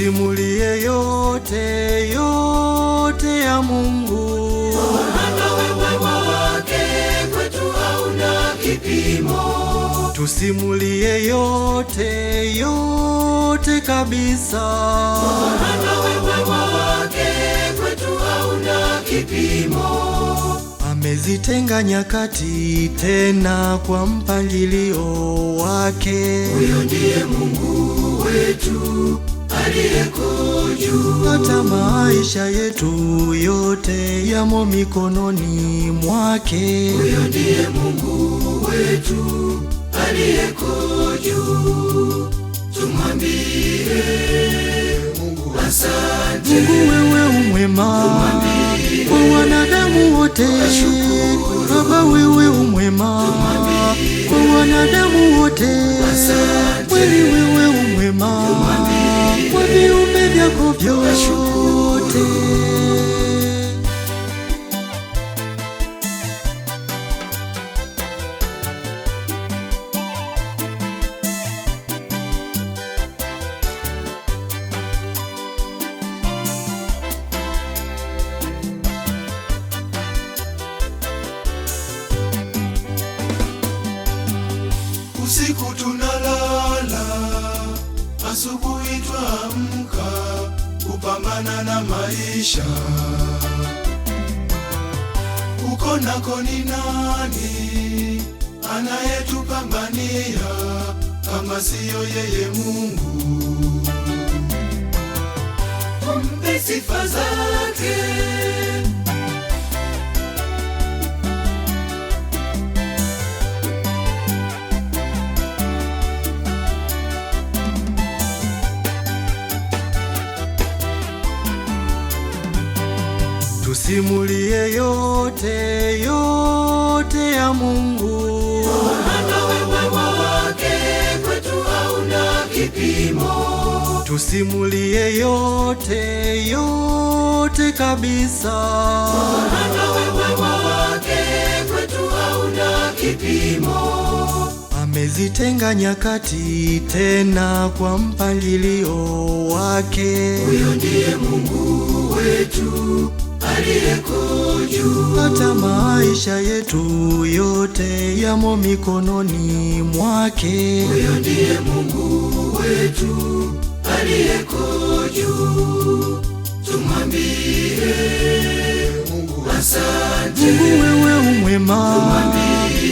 Simulie yote yote ya Mungu, maana wema wake kwetu hauna kipimo. Tusimulie yote yote kabisa, maana wema wake kwetu hauna kipimo. Amezitenga nyakati tena kwa mpangilio wake. Huyo ndiye Mungu wetu aliyekujua. Hata maisha yetu yote yamo mikononi mwake. Huyo ndiye Mungu wetu aliyekujua. Tumwambie Mungu asante. Mungu wewe umwema kwa wanadamu wote. Baba wewe umwema kwa wanadamu wote. Kweli wewe umwema vyako vyote kupambana na maisha. Uko nako ni nani anayetupambania kama siyo yeye Mungu? Mpe sifa zake tusimulie yote yote ya Mungu. Yohana, wema wake kwetu hauna kipimo. Tusimulie yote yote kabisa. Yohana, wema wake kwetu hauna kipimo. Amezitenga nyakati tena kwa mpangilio wake. Huyo ndiye Mungu wetu hata maisha yetu yote yamo mikononi mwake. Huyo ndiye Mungu wetu aliyeko juu, tumwambie Mungu asante. Mungu wewe umwema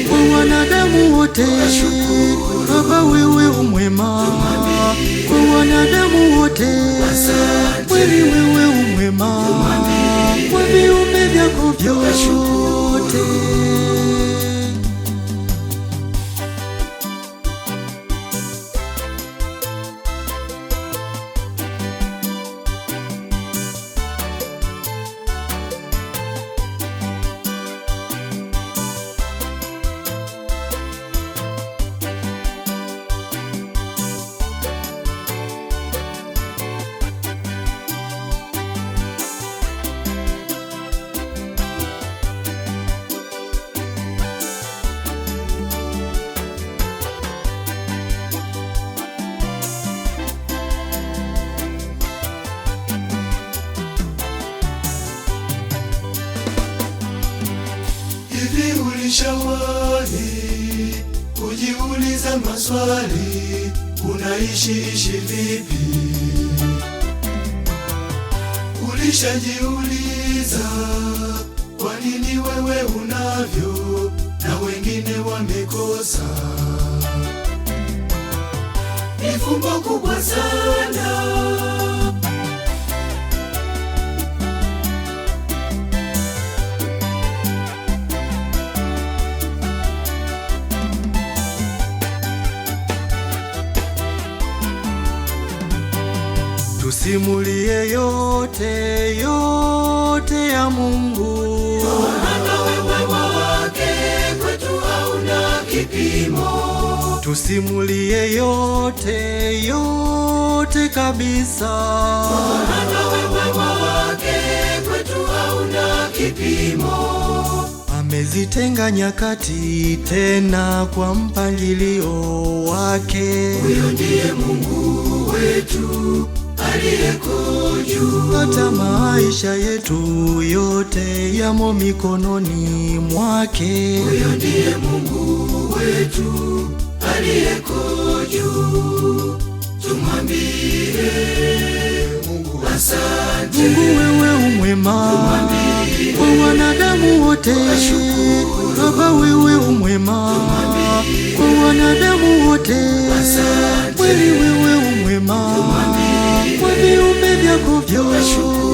kwa wanadamu wote, Baba wewe umwema kwa wanadamu wote, kweli wewe umwema wewe viumbe vyako vyote Ulishawahi kujiuliza maswali, unaishi ishi vipi? Ulishajiuliza kwa nini wewe unavyo na wengine wamekosa? Ni fumbo kubwa sana Simulie yote yote ya Mungu. Yohana, wewe wema wake kwetu hauna kipimo. Tusimulie yote yote kabisa. Yohana, wewe wema wake kwetu hauna kipimo. Amezitenga nyakati tena kwa mpangilio wake. Huyo ndiye Mungu wetu aliyekujua. Hata maisha yetu yote yamo mikononi mwake. Huyo ndiye Mungu wetu aliyekujua. Tumwambie Mungu asante. Mungu wewe umwema kwa wanadamu wote. Baba wewe umwema kwa wanadamu wote. Kweli wewe umwema Puede un medio agobio.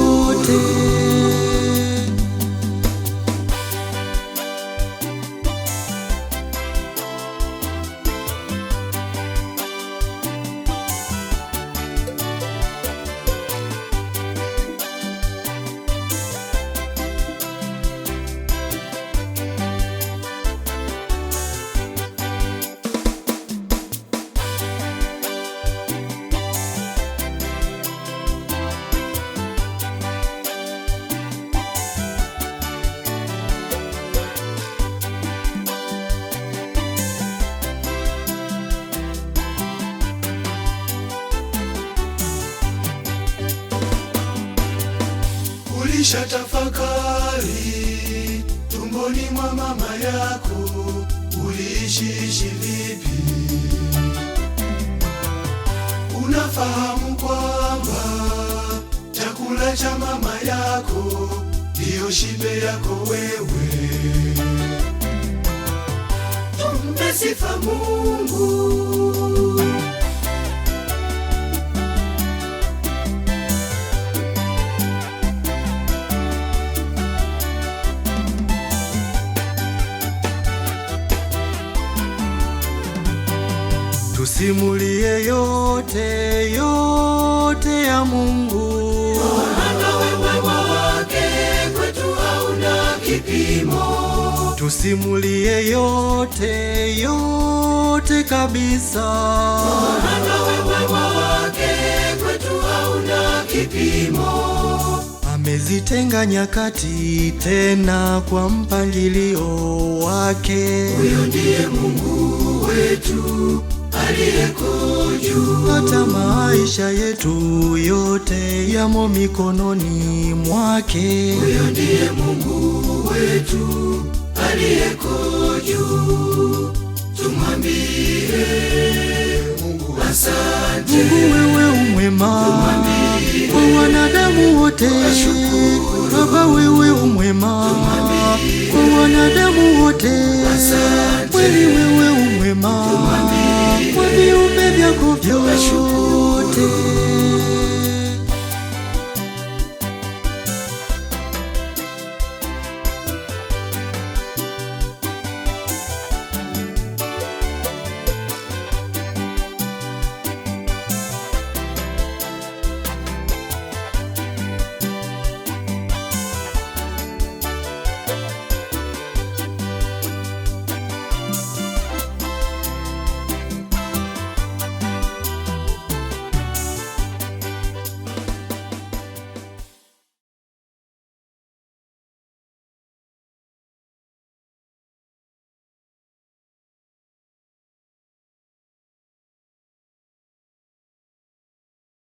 Kisha tafakari tumboni mwa mama yako uliishiishi vipi? Unafahamu kwamba chakula cha mama yako ndiyo shibe yako wewe. Tumpe sifa Mungu. yote yote ya Mungu. Yohana, wake kwetu hauna kipimo. Tusimulie yote yote kabisa, maana wema wake kwetu hauna kipimo. Amezitenga nyakati tena kwa mpangilio wake, huyo ndiye Mungu wetu hata maisha yetu yote yamo mikononi mwake. Huyo ndiye Mungu wetu aliyeko juu, tumwambie Mungu asante. Mungu wewe umwema kwa wanadamu wote, Baba wewe umwema kwa wanadamu wote tunashukuru